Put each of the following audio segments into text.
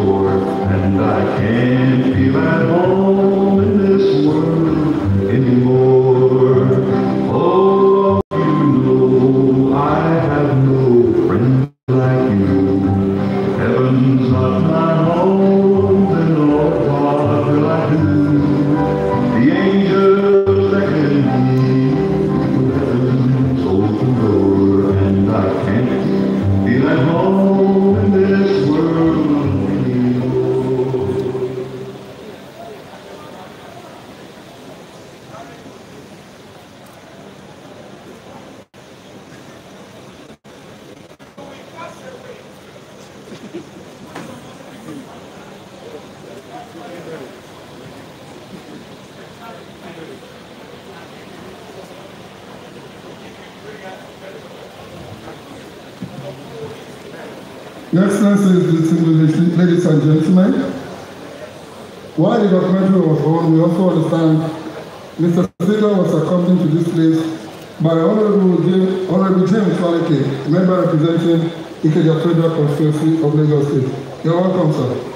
and I can't feel at home in this world anymore. Your Excellencies, distinguished ladies and gentlemen, while the documentary was on, we also understand Mr. Siegel was accompanied to this place by Honorable James, Honorable James Falke, member representing Ikeja Federal Constituency of Lagos State. You're welcome, sir.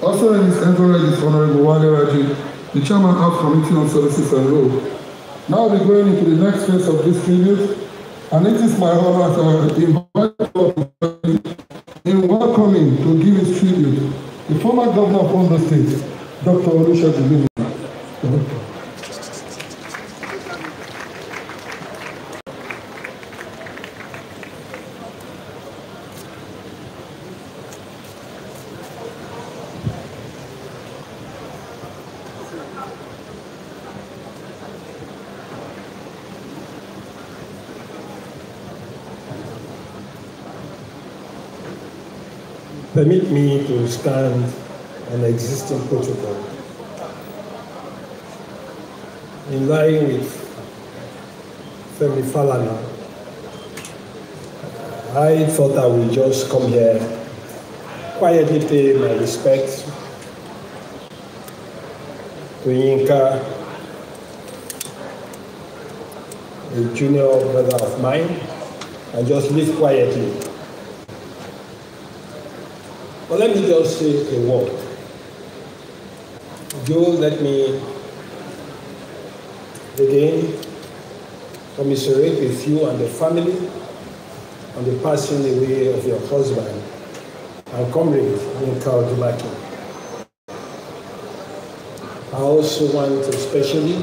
Also in this entourage is Honorable Wale Raji, the chairman of Committee on Services and Road. Now we're going into the next phase of this tribute, and it is my honor to invite in welcoming to give his tribute the former governor of Ondo State, Dr. Olusha Jibini. permit me to stand an existing protocol in line with Femi Falana. I thought I would just come here quietly pay my respects to Yinka, a junior brother of mine, and just live quietly. Well, let me just say a word. Do let me again commiserate with you and the family on the passing away of your husband and comrade, Minkal Dubaki. I also want especially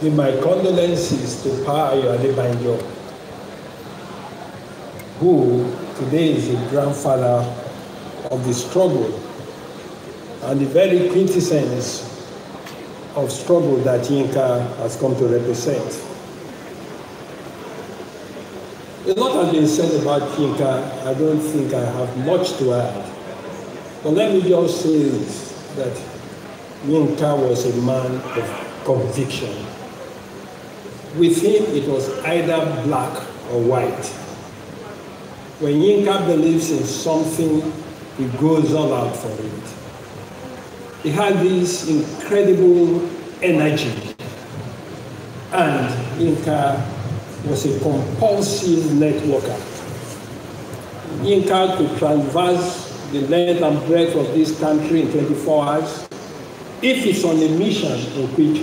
give my condolences to Pa Ayo Adebanjo, who today is the grandfather of the struggle and the very quintessence of struggle that Yinka has come to represent. A lot has been said about Yinka. I don't think I have much to add. But let me just say this, that Yinka was a man of conviction. With him, it was either black or white. When Yinka believes in something, he goes all out for it. He had this incredible energy. And Yinka was a compulsive networker. Yinka could traverse the length and breadth of this country in 24 hours if he's on a mission in which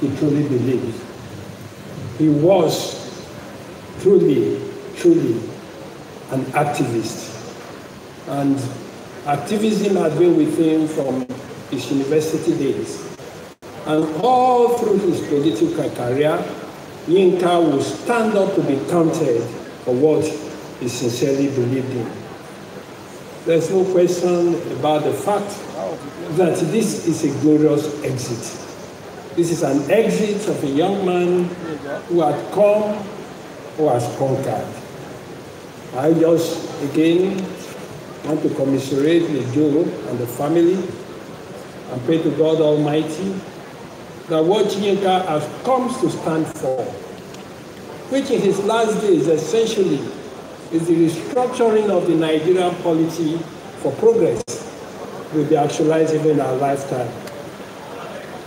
he truly believes. He was truly, truly an activist. And activism had been with him from his university days. And all through his political career, Yinka would stand up to be counted for what he sincerely believed in. There's no question about the fact that this is a glorious exit. This is an exit of a young man who had come, who has conquered. I just again want to commiserate with you and the family and pray to God Almighty that what Yinka has come to stand for, which in his last days essentially is the restructuring of the Nigerian polity for progress, will be actualized even in our lifetime.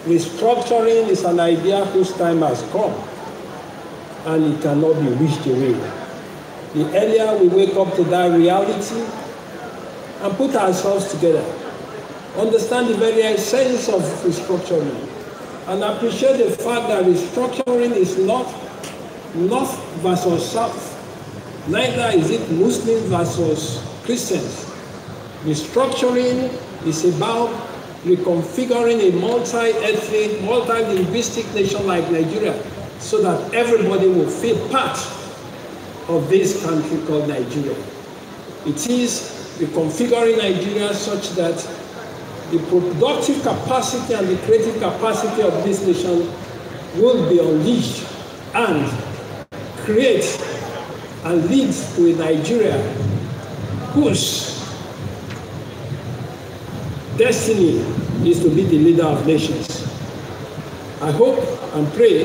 Restructuring is an idea whose time has come and it cannot be wished away. The earlier we wake up to that reality and put ourselves together, understand the very essence of restructuring, and appreciate the fact that restructuring is not north versus south, neither is it Muslim versus Christians. Restructuring is about reconfiguring a multi-ethnic, multi-linguistic nation like Nigeria so that everybody will feel part of this country called Nigeria. It is reconfiguring Nigeria such that the productive capacity and the creative capacity of this nation will be unleashed and create and lead to a Nigeria whose destiny is to be the leader of nations. I hope and pray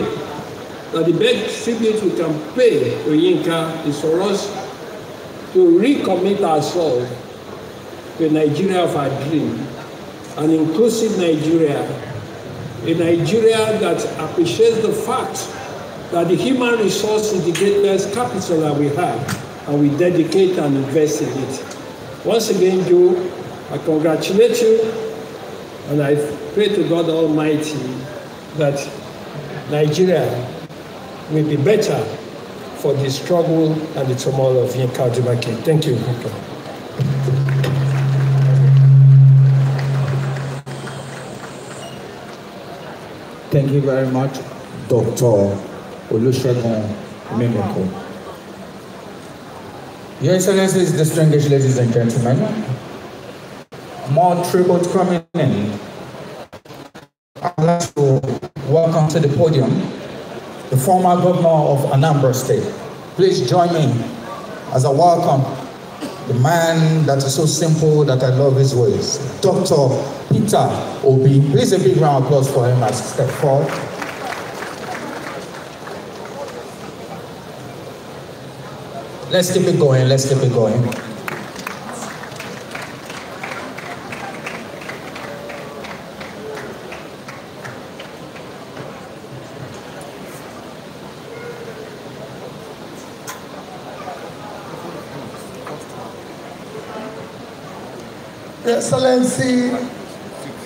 that the best tribute we can pay to Yinka is for us to recommit ourselves to Nigeria of our dream, an inclusive Nigeria, a Nigeria that appreciates the fact that the human resource is the greatest capital that we have, and we dedicate and invest in it. Once again, Joe, I congratulate you, and I pray to God Almighty that Nigeria will be better for the struggle and the turmoil of Yinka Odubaki. Thank you. Thank you very much, Dr. Olusegun Mimiko. Your Excellencies, distinguished ladies and gentlemen, more tributes coming in. I'd like to welcome to the podium the former governor of Anambra State. Please join me as I welcome the man that is so simple that I love his ways, Dr. Peter Obi. Please a big round of applause for him as he step forward. Let's keep it going, let's keep it going. Excellency,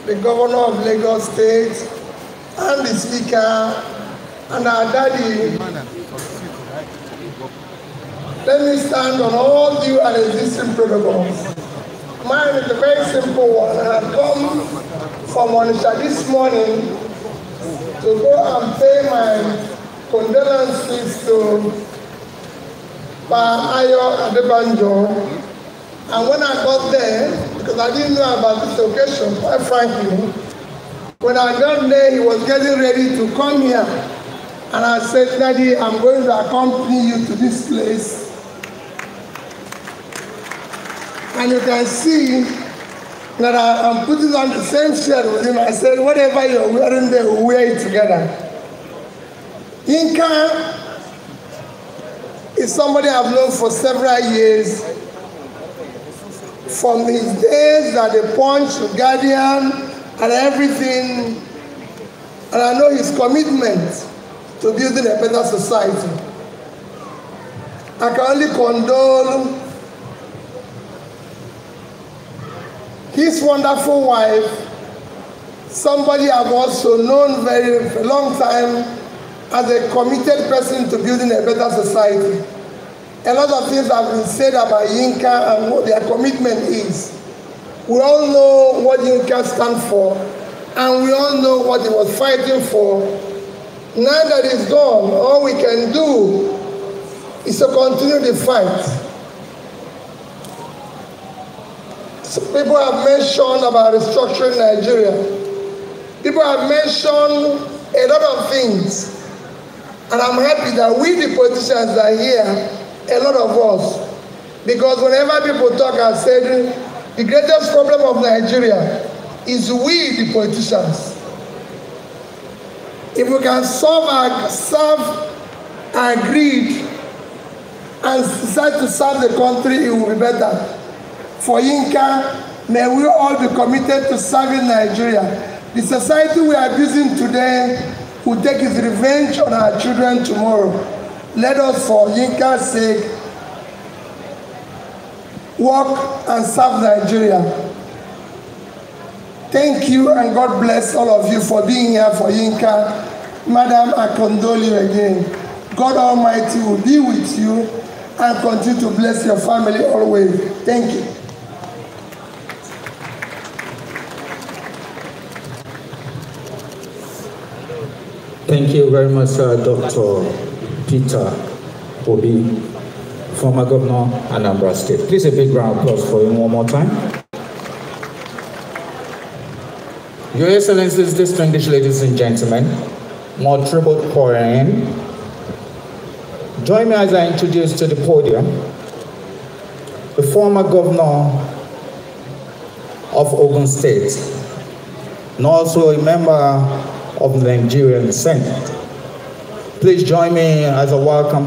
the Governor of Lagos State, and the Speaker, and our daddy. Let me stand on all due and existing protocols. Mine is a very simple one, I have come from Onisha this morning to go and pay my condolences to Pa Ayo Adebanjo. And when I got there, because I didn't know about this occasion, quite frankly. When I got there, he was getting ready to come here. And I said, Daddy, I'm going to accompany you to this place. And you can see that I, am putting on the same shirt with him. I said, whatever you're wearing there, we'll wear it together. Inca is somebody I've known for several years from his days that they punched the guardian and everything. And I know his commitment to building a better society. I can only condole his wonderful wife, somebody I've also known very for a long time as a committed person to building a better society. A lot of things have been said about Yinka and what their commitment is. We all know what Yinka stands for, and we all know what he was fighting for. Now that he's gone, all we can do is to continue the fight. So people have mentioned about restructuring Nigeria. People have mentioned a lot of things. And I'm happy that we, the politicians, are here a lot of us. Because whenever people talk, and say the greatest problem of Nigeria is we, the politicians. If we can solve our serve and greed and decide to serve the country, it will be better. For Inca, may we all be committed to serving Nigeria. The society we are using today will take its revenge on our children tomorrow. Let us, for Yinka's sake, work and serve Nigeria. Thank you and God bless all of you for being here for Yinka. Madam, I condole you again. God Almighty will be with you and continue to bless your family always. Thank you. Thank you very much, uh, Doctor. Peter Obi, former governor, Anambra State. Please a big round of applause for him one more time. Your Excellencies, distinguished ladies and gentlemen, more tribute pouring in. Join me as I introduce to the podium the former governor of Ogun State and also a member of the Nigerian Senate. Please join me as I welcome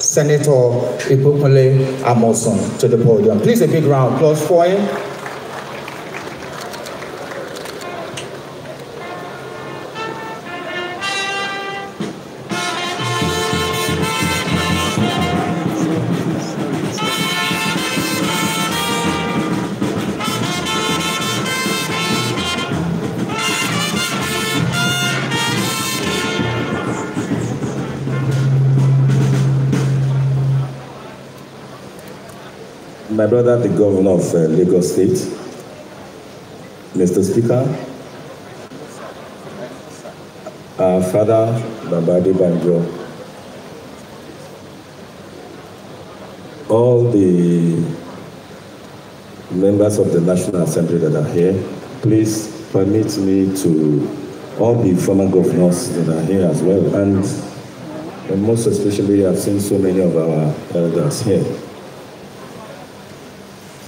Senator Ibukunle Amoson to the podium. Please a big round of applause for him. brother, the governor of uh, Lagos State, Mr. Speaker, our father, Babadi Banjo, all the members of the National Assembly that are here, please permit me to all the former governors that are here as well, and, and most especially I've seen so many of our elders here.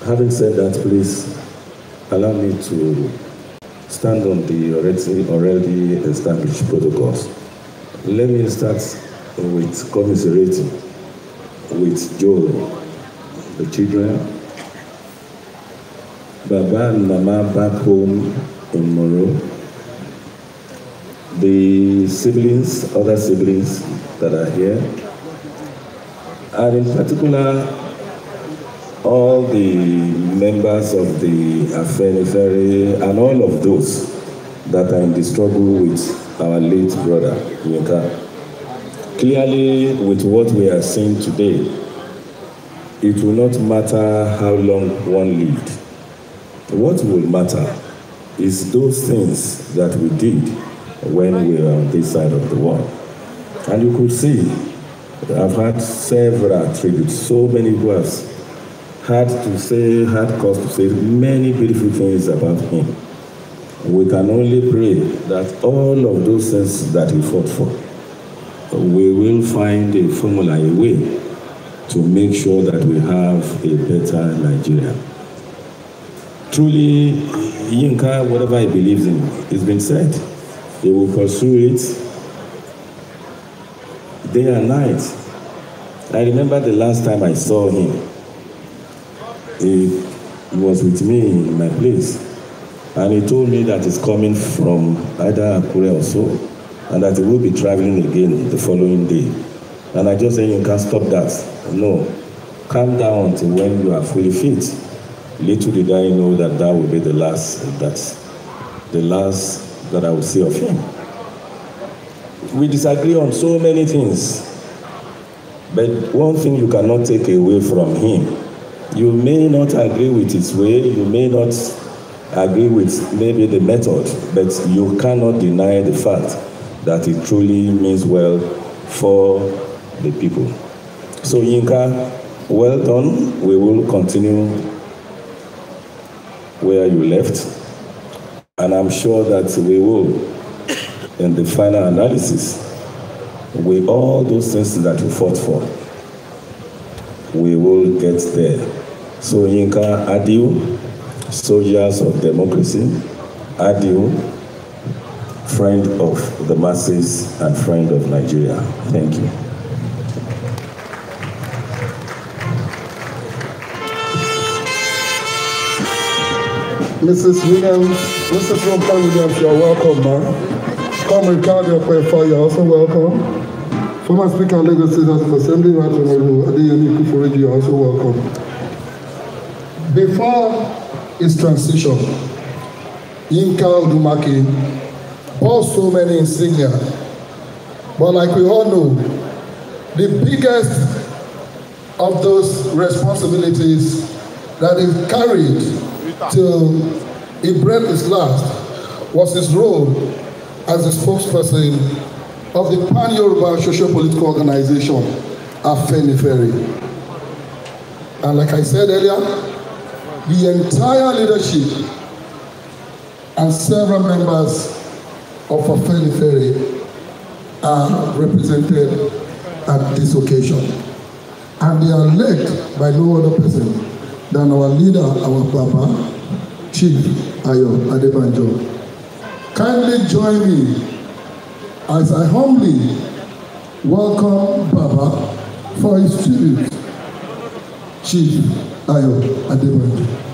Having said that, please allow me to stand on the already, already established protocols. Let me start with commiserating with Joel, the children, Baba and Mama back home in the siblings, other siblings that are here, and in particular all the members of the Afenifere and all of those that are in the struggle with our late brother, Yinka. Clearly, with what we are seeing today, it will not matter how long one lived. What will matter is those things that we did when we were on this side of the world. And you could see, I've had several tributes, so many words hard to say, hard cause to say many beautiful things about him. We can only pray that all of those things that he fought for, we will find a formula, a way to make sure that we have a better Nigeria. Truly, Yinka, whatever he believes in, it's been said. He will pursue it day and night. I remember the last time I saw him he was with me in my place. And he told me that he's coming from either Akure or so, and that he will be traveling again the following day. And I just said, you can't stop that. No, calm down to when you are fully fit. Little did I know that that will be the last, that the last that I will see of him. We disagree on so many things, but one thing you cannot take away from him you may not agree with its way, you may not agree with maybe the method, but you cannot deny the fact that it truly means well for the people. So Yinka, well done. We will continue where you left, and I'm sure that we will, in the final analysis, with all those things that we fought for, we will get there. So Yinka Adiu, soldiers of democracy, Adiu, friend of the masses and friend of Nigeria. Thank you. Mrs. Williams, Mrs. Rompan Williams, you're welcome, ma'am. Come, Ricardo Kwefa, you're also welcome. Former Speaker of Lagos State House of Assembly, Ratumelu Adeyemi Kufuruji, you're also welcome. Before his transition, Yinka Odumaki bore so many insignia. But like we all know, the biggest of those responsibilities that he carried till he breathed his last was his role as the spokesperson of the Pan-Yoruba Socio-Political Organization, Afenifere. And like I said earlier, the entire leadership and several members of Afeni Ferry are represented at this occasion. And they are led by no other person than our leader, our Baba, Chief Ayo Adebanjo. Kindly join me as I humbly welcome Baba for his tribute, Chief Aí ah, eu, a demanda.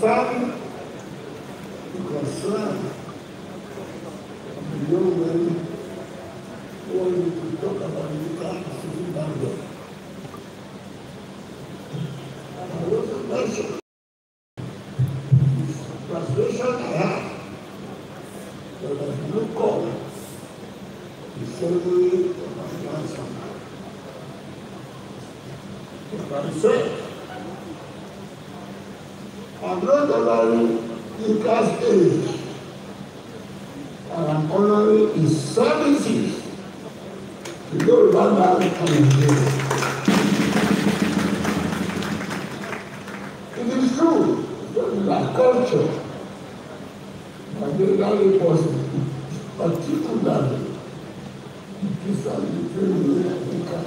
sabe culture, particularly Muslim, particularly Christianity Africa.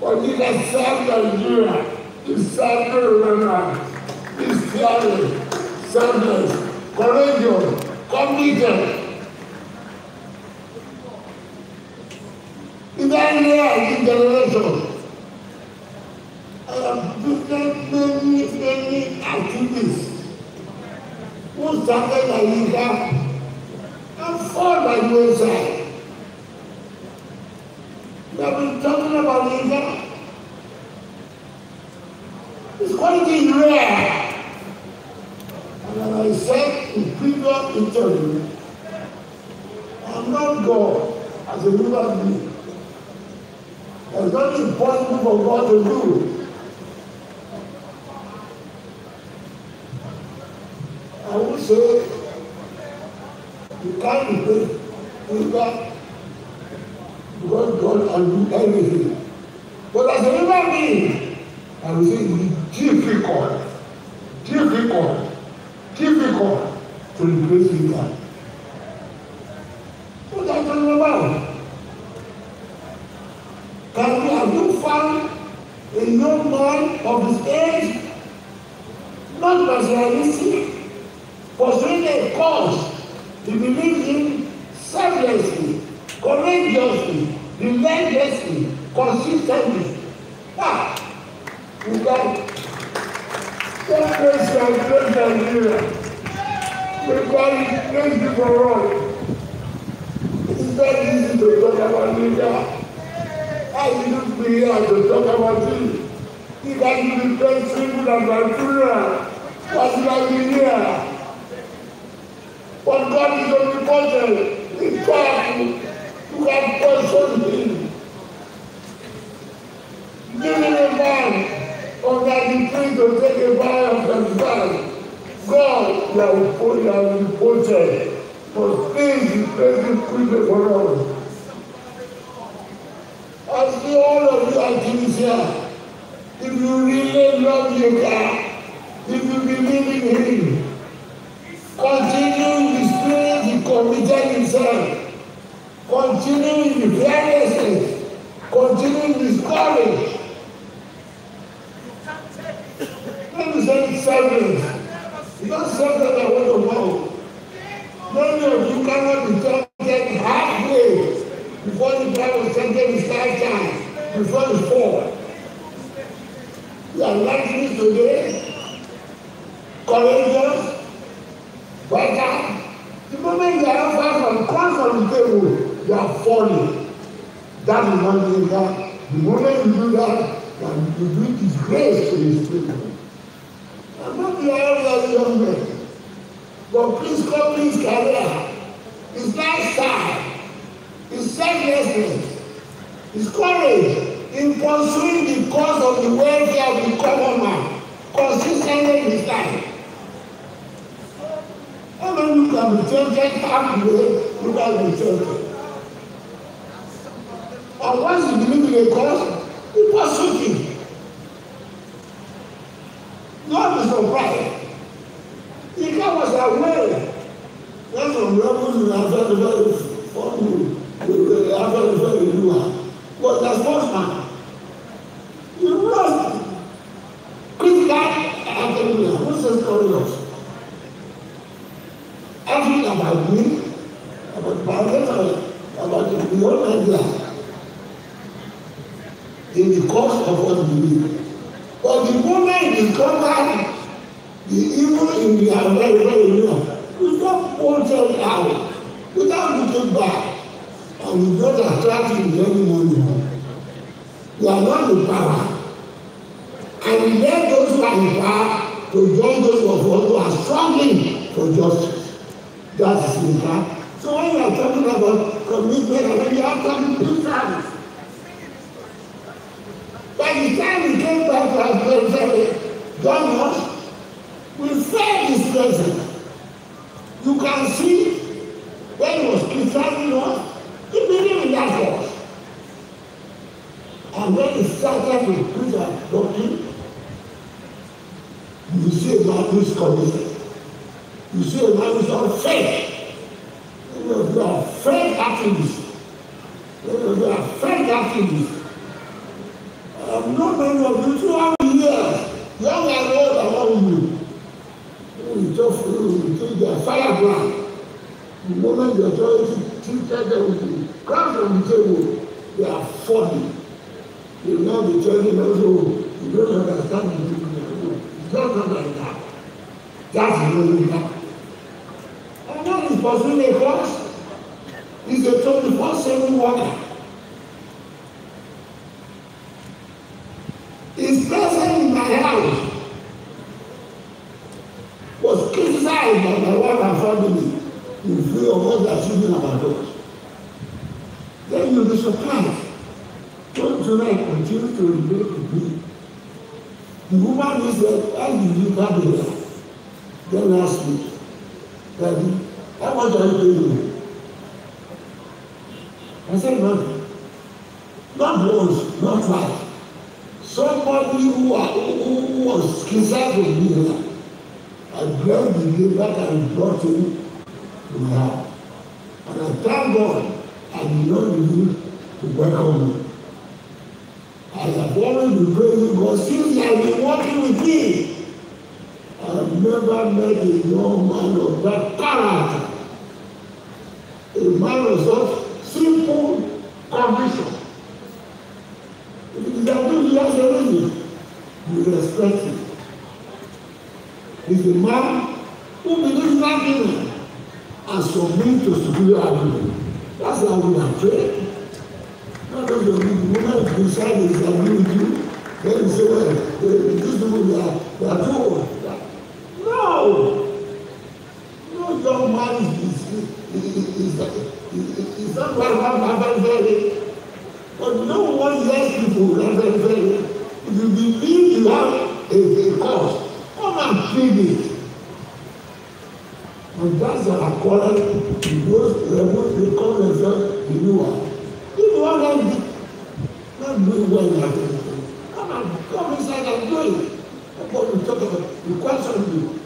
But you can serve Nigeria, you serve Rwanda, Christianity, service, courageous, committed. Is that real in generation? started by Abraham and fall by Moses. We have been talking about Abraham. His quality is rare. And as I said in previous interview, I am not God as a human being. There is nothing impossible for God to do. So you can't replace river because God can do everything. But as a human being, I will say it's difficult. Difficult. religiously, relentlessly, consistently. Ah! You got it. That place was just Nigeria. We call it place before all. It is not easy to talk about Nigeria. I shouldn't be here to talk about you. If I should be very simple and Nigeria, what you are be here? But God is omnipotent. He's powerful wá bọ́ sóyè nínú báyìí ọ̀gá di kíndò tẹ́lẹ̀ báyà pẹ̀lú báyìí God yà wò yà wò pọ̀jẹ̀ for things you pay kíndò for us. As the all of you are Tunisia, if you really love your God, if you believe in Him, continue the spirit He committed Himself continuing the fearlessness, continuing this courage. Don't say service. You don't serve them that want to go. Many of you cannot be tempted halfway before the time of tempted is high time, before the fall. You are like me today. Courage you are falling. That is one thing that the moment you do that, that you bring disgrace to his people. I'm not the other young man. But please come to his career. His lifestyle, his selflessness, It's courage in pursuing the cause of the welfare of the common man, consistently in his life. How many you can be tempted halfway without be tempted? And once you believe in a God, you pursue Him. Love is surprised. The guy was aware. That's some rebels in Afghanistan for you. Afghanistan in But that's not man. in the course of what we do. But the moment we conquer the evil in the environment, we don't hold them out. without looking back. And we don't attract in any money. We are not the power. And we let those who are in power to join those of us who are struggling for justice. That is in fact. So when we are talking about commitment, I mean, you are talking two times. By the time we came back to our grandfather, Ghana, we felt his presence. You can see when he was criticizing us, he believed in that force. And when he started to preach and doctrine, you see a man who's committed. You see a man who's on faith. Many of you are faith activists. Many of you are faith activists. are fire firebrand. The moment are trying to treated them with the crowd from the table, they are falling. They will not be telling us, oh, you don't understand the people. It's not like that. That's the only that. And what is possible for us. He's a 24 seven worker. many of us are thinking about God. Then you'll be surprised. Don't you tonight continue to relate to me. The woman who said, How did you come here? Then last week, Daddy, how much are you paying me? I said, Mommy, not once, not twice. Somebody who, are, who was concerned with me, I grabbed the labor and brought him now. And I thank God I did not need to welcome me. I have always been praising God since I been working with me. I've never met a young man of that character. A man of such simple conviction. If it is that he has everything, you respect him. He a man who believes nothing and submit to superior authority. That's how we are trained. Not just the woman decide is agree with you, then you say, well, these people we are, they are too old. No! No young man is, is, is, is, not one man, very. But no one less people, very, very. If you believe you have a, a cause, come and feed it and that's according to those levels they call themselves the new one. If you want to do not do it well like that, come and come inside and do it. That's what we talk about. We question you.